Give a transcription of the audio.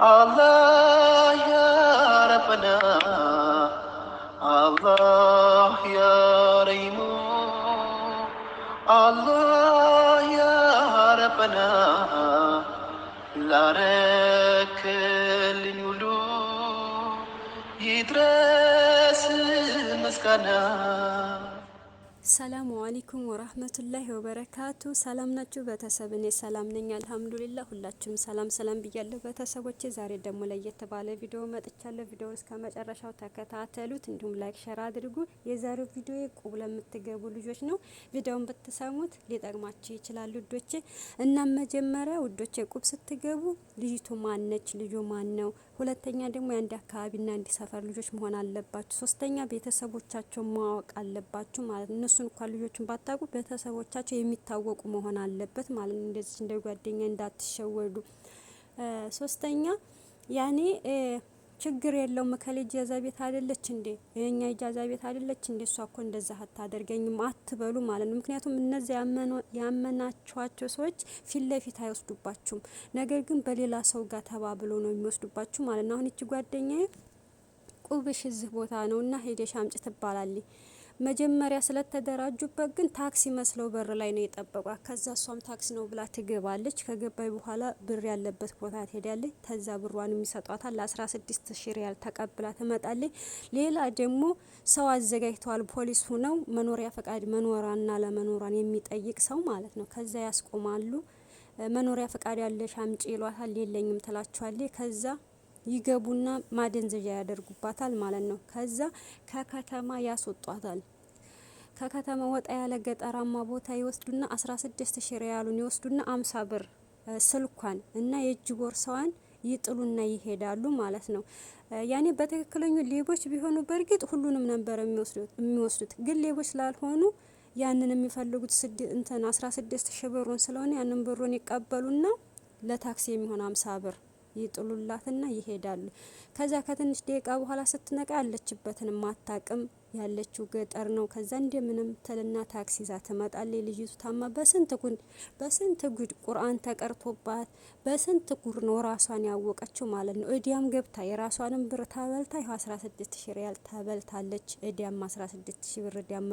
الله يا ربنا الله يا ريمو الله يا ربنا ላረክልኝ ሁሉ يدرس ምስጋና ሰላሙ አለይኩም ወራህመቱላሂ ወበረካቱ። ሰላም ናችሁ ቤተሰብ? እኔ ሰላም ነኝ አልሐምዱሊላህ። ሁላችሁም ሰላም ሰላም ብያለሁ ቤተሰቦቼ። ዛሬ ደግሞ ለየት ባለ ቪዲዮ መጥቻለሁ። ቪዲዮውን እስከ መጨረሻው ተከታተሉት፣ እንዲሁም ላይክ፣ ሸር አድርጉ። የዛሬው ቪዲዮ ቁብ ለምትገቡ ልጆች ነው። ቪዲዮውን ብትሰሙት ሊጠቅማችሁ ይችላል ውዶቼ። እናም መጀመሪያ ውዶቼ ቁብ ስትገቡ ልጅቱ ማነች? ልጁ ማን ነው? ሁለተኛ ደግሞ የአንድ አካባቢና አንድ ሰፈር ልጆች መሆን አለባችሁ። ሶስተኛ ቤተሰቦቻቸው ማወቅ አለባችሁ ማለት ነው እነሱን እንኳን ልጆቹን ባታውቁ ቤተሰቦቻቸው የሚታወቁ መሆን አለበት ማለት ነው። እንደዚህ እንደ ጓደኛ እንዳትሸወዱ። ሶስተኛ ያኔ ችግር የለውም እከሌ ጃዛ ቤት አይደለች እንዴ የኛ ጃዛ ቤት አይደለች እንዴ እሷ እኮ እንደዛ አታደርገኝም አትበሉ ማለት ነው። ምክንያቱም እነዚያ ያመናችኋቸው ሰዎች ፊት ለፊት አይወስዱባችሁም፣ ነገር ግን በሌላ ሰው ጋር ተባብሎ ነው የሚወስዱባችሁ ማለት ነው። አሁን እቺ ጓደኛዬ ቁብሽ እዚህ ቦታ ነው እና ሄደሽ አምጪ ትባላለች። መጀመሪያ ስለተደራጁበት ግን ታክሲ መስለው በር ላይ ነው የጠበቋት። ከዛ እሷም ታክሲ ነው ብላ ትገባለች። ከገባይ በኋላ ብር ያለበት ቦታ ትሄዳለች። ተዛ ብሯን የሚሰጧታል ለ16 ሺ ሪያል ተቀብላ ትመጣለች። ሌላ ደግሞ ሰው አዘጋጅተዋል ፖሊስ ሁነው መኖሪያ ፈቃድ መኖራና ለመኖሯን የሚጠይቅ ሰው ማለት ነው። ከዛ ያስቆማሉ። መኖሪያ ፈቃድ ያለሽ አምጪ ይሏታል። የለኝም ትላቸዋለች። ከዛ ይገቡና ማደንዘዣ ያደርጉባታል ማለት ነው። ከዛ ከከተማ ያስወጧታል። ከከተማ ወጣ ያለ ገጠራማ ቦታ ይወስዱና 16 ሺህ ሪያሉን ይወስዱና 50 ብር ስልኳን እና የእጅ ቦርሳዋን ይጥሉና ይሄዳሉ ማለት ነው። ያኔ በትክክለኛው ሌቦች ቢሆኑ በእርግጥ ሁሉንም ነበር የሚወስዱት፣ ግን ሌቦች ላልሆኑ ያንን የሚፈልጉት እንትን 16 ሺህ ብሩን ስለሆነ ያንን ብሩን ይቀበሉና ለታክሲ የሚሆን 50 ብር ይጥሉላትና ይሄዳሉ። ከዛ ከትንሽ ደቂቃ በኋላ ስትነቃ ያለችበትን ማታቅም ያለችው ገጠር ነው። ከዛ እንደምንም ትልና ታክሲ ይዛ ትመጣለች። ልጅቱ ታማ በስንት ጉድ በስንት ጉድ ቁርአን ተቀርቶባት በስንት ጉድ ነው ራሷን ያወቀችው ማለት ነው። እዲያም ገብታ የራሷንም ብር ታበልታ ይኸው አስራ ሺ ሪያል ታበልታለች። እዲያም አስራ ሺ ብር እዲያም